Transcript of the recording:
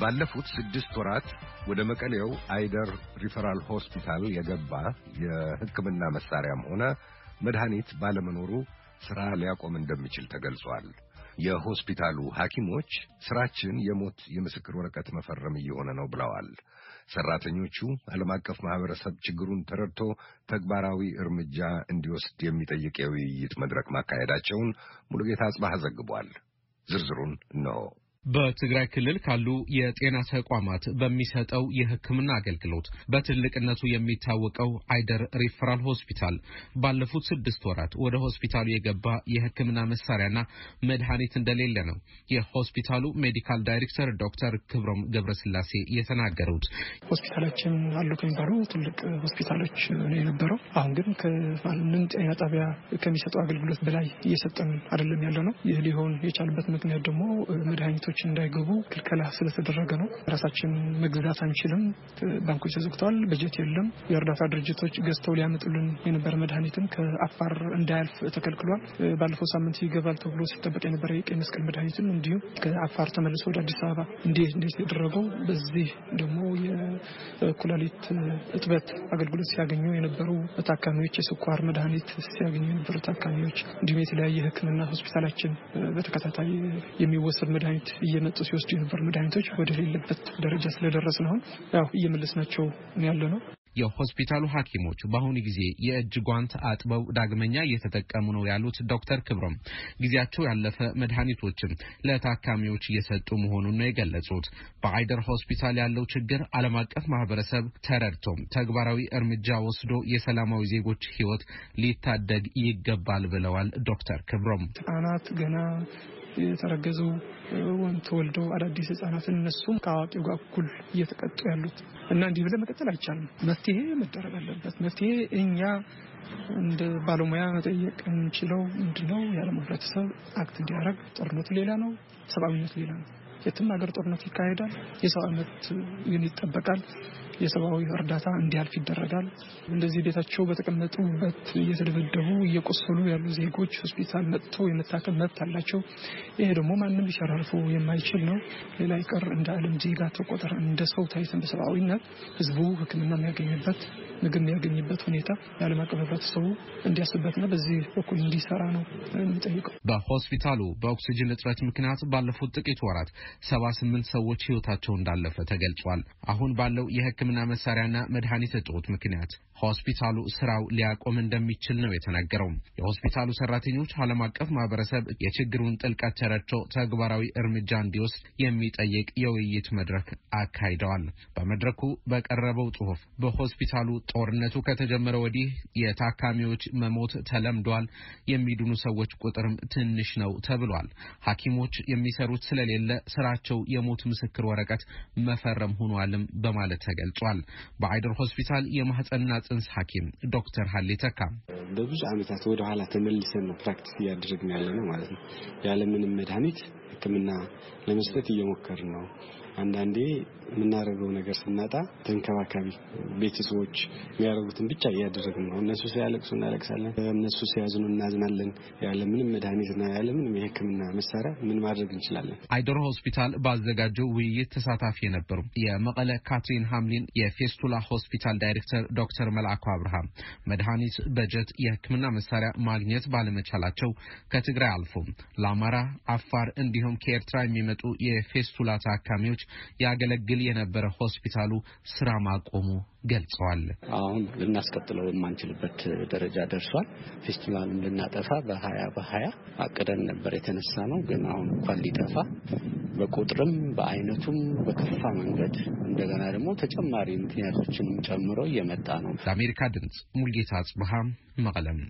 ባለፉት ስድስት ወራት ወደ መቀሌው አይደር ሪፈራል ሆስፒታል የገባ የሕክምና መሳሪያም ሆነ መድኃኒት ባለመኖሩ ሥራ ሊያቆም እንደሚችል ተገልጿል። የሆስፒታሉ ሐኪሞች ሥራችን የሞት የምስክር ወረቀት መፈረም እየሆነ ነው ብለዋል። ሠራተኞቹ ዓለም አቀፍ ማኅበረሰብ ችግሩን ተረድቶ ተግባራዊ እርምጃ እንዲወስድ የሚጠይቅ የውይይት መድረክ ማካሄዳቸውን ሙሉጌታ ጽባህ ዘግቧል። ዝርዝሩን እነሆ። በትግራይ ክልል ካሉ የጤና ተቋማት በሚሰጠው የሕክምና አገልግሎት በትልቅነቱ የሚታወቀው አይደር ሪፈራል ሆስፒታል ባለፉት ስድስት ወራት ወደ ሆስፒታሉ የገባ የሕክምና መሳሪያና መድኃኒት እንደሌለ ነው የሆስፒታሉ ሜዲካል ዳይሬክተር ዶክተር ክብሮም ገብረስላሴ የተናገሩት። ሆስፒታላችን አሉ ከሚባሉ ትልቅ ሆስፒታሎች ነው የነበረው። አሁን ግን ከማንም ጤና ጣቢያ ከሚሰጠው አገልግሎት በላይ እየሰጠን አይደለም ያለ ነው። ይህ ሊሆን የቻልበት ምክንያት ደግሞ መድኃኒቶች እንዳይገቡ ክልከላ ስለተደረገ ነው። ራሳችን መግዛት አንችልም። ባንኮች ተዘግተዋል። በጀት የለም። የእርዳታ ድርጅቶች ገዝተው ሊያመጡልን የነበረ መድኃኒትም ከአፋር እንዳያልፍ ተከልክሏል። ባለፈው ሳምንት ይገባል ተብሎ ሲጠበቅ የነበረ የቀይ መስቀል መድኃኒትም እንዲሁም ከአፋር ተመልሶ ወደ አዲስ አበባ እንዴት እንዴት የተደረገው በዚህ ደግሞ የኩላሊት እጥበት አገልግሎት ሲያገኙ የነበሩ ታካሚዎች የስኳር መድኃኒት ሲያገኙ የነበሩ ታካሚዎች እንዲሁም የተለያየ ሕክምና ሆስፒታላችን በተከታታይ የሚወሰድ መድኃኒት እየመጡ ሲወስዱ የነበሩ መድኃኒቶች ወደሌለበት ደረጃ ስለደረስን አሁን ያው እየመለስናቸው ያለ ነው። የሆስፒታሉ ሐኪሞች በአሁኑ ጊዜ የእጅ ጓንት አጥበው ዳግመኛ እየተጠቀሙ ነው ያሉት ዶክተር ክብሮም ጊዜያቸው ያለፈ መድኃኒቶችም ለታካሚዎች እየሰጡ መሆኑን ነው የገለጹት። በአይደር ሆስፒታል ያለው ችግር ዓለም አቀፍ ማህበረሰብ ተረድቶም ተግባራዊ እርምጃ ወስዶ የሰላማዊ ዜጎች ሕይወት ሊታደግ ይገባል ብለዋል ዶክተር ክብሮም ህጻናት ገና የተረገዙ ተወልዶ አዳዲስ ህጻናትን እነሱም ከአዋቂው ጋር እኩል እየተቀጡ ያሉት እና እንዲህ ብለን መቀጠል አይቻልም። መፍትሄ መደረግ አለበት። መፍትሄ እኛ እንደ ባለሙያ መጠየቅ የምንችለው ምንድነው? የዓለም ህብረተሰብ አክት እንዲያደርግ ጦርነቱ ሌላ ነው፣ ሰብአዊነቱ ሌላ ነው። የትም ሀገር ጦርነት ይካሄዳል፣ የሰው ግን ይጠበቃል። የሰብአዊ እርዳታ እንዲያልፍ ይደረጋል። እንደዚህ ቤታቸው በተቀመጡበት እየተደበደቡ እየቆሰሉ ያሉ ዜጎች ሆስፒታል መጥቶ የመታከም መብት አላቸው። ይሄ ደግሞ ማንም ሊሸራርፎ የማይችል ነው። ሌላ ይቀር እንደ ዓለም ዜጋ ተቆጠር እንደ ሰው ታይተን በሰብአዊነት ህዝቡ ሕክምና የሚያገኝበት ምግብ የሚያገኝበት ሁኔታ የዓለም አቀፍ ህብረተሰቡ እንዲያስበትና በዚህ በኩል እንዲሰራ ነው የሚጠይቀው። በሆስፒታሉ በኦክሲጅን እጥረት ምክንያት ባለፉት ጥቂት ወራት ሰባ ስምንት ሰዎች ህይወታቸው እንዳለፈ ተገልጿል። አሁን ባለው የህክምና የሕክምና መሳሪያና መድኃኒት እጦት ምክንያት ሆስፒታሉ ስራው ሊያቆም እንደሚችል ነው የተናገረው። የሆስፒታሉ ሰራተኞች ዓለም አቀፍ ማህበረሰብ የችግሩን ጥልቀት ተረድቶ ተግባራዊ እርምጃ እንዲወስድ የሚጠይቅ የውይይት መድረክ አካሂደዋል። በመድረኩ በቀረበው ጽሁፍ በሆስፒታሉ ጦርነቱ ከተጀመረ ወዲህ የታካሚዎች መሞት ተለምዷል፣ የሚድኑ ሰዎች ቁጥርም ትንሽ ነው ተብሏል። ሐኪሞች የሚሰሩት ስለሌለ ስራቸው የሞት ምስክር ወረቀት መፈረም ሆኗልም በማለት ተገልጿል። ገልጿል። በአይደር ሆስፒታል የማህፀንና ጽንስ ሐኪም ዶክተር ሀሌ ተካ በብዙ ዓመታት ወደ ኋላ ተመልሰን ነው ፕራክቲስ እያደረግን ያለ ነው ማለት ነው። ያለምንም መድኃኒት ሕክምና ለመስጠት እየሞከርን ነው። አንዳንዴ የምናደርገው ነገር ስናጣ ተንከባካቢ ቤተሰቦች የሚያደርጉትን ብቻ እያደረግን ነው። እነሱ ሲያለቅሱ እናለቅሳለን፣ እነሱ ሲያዝኑ እናዝናለን። ያለ ምንም መድኃኒትና ያለ ምንም የሕክምና መሳሪያ ምን ማድረግ እንችላለን? አይደሮ ሆስፒታል ባዘጋጀው ውይይት ተሳታፊ የነበሩ የመቀለ ካትሪን ሀምሊን የፌስቱላ ሆስፒታል ዳይሬክተር ዶክተር መልአኩ አብርሃም መድኃኒት፣ በጀት፣ የሕክምና መሳሪያ ማግኘት ባለመቻላቸው ከትግራይ አልፎ ለአማራ፣ አፋር እንዲሁም ከኤርትራ የሚመጡ የፌስቱላ ታካሚዎች ታካሚዎች ያገለግል የነበረ ሆስፒታሉ ስራ ማቆሙ ገልጸዋል። አሁን ልናስቀጥለው የማንችልበት ደረጃ ደርሷል። ፌስቲቫሉን ልናጠፋ በሀያ በሀያ አቅደን ነበር የተነሳ ነው። ግን አሁን እንኳን ሊጠፋ በቁጥርም በአይነቱም በከፋ መንገድ እንደገና ደግሞ ተጨማሪ ምክንያቶችንም ጨምሮ እየመጣ ነው። ለአሜሪካ ድምፅ ሙልጌታ አጽብሃ መቀለም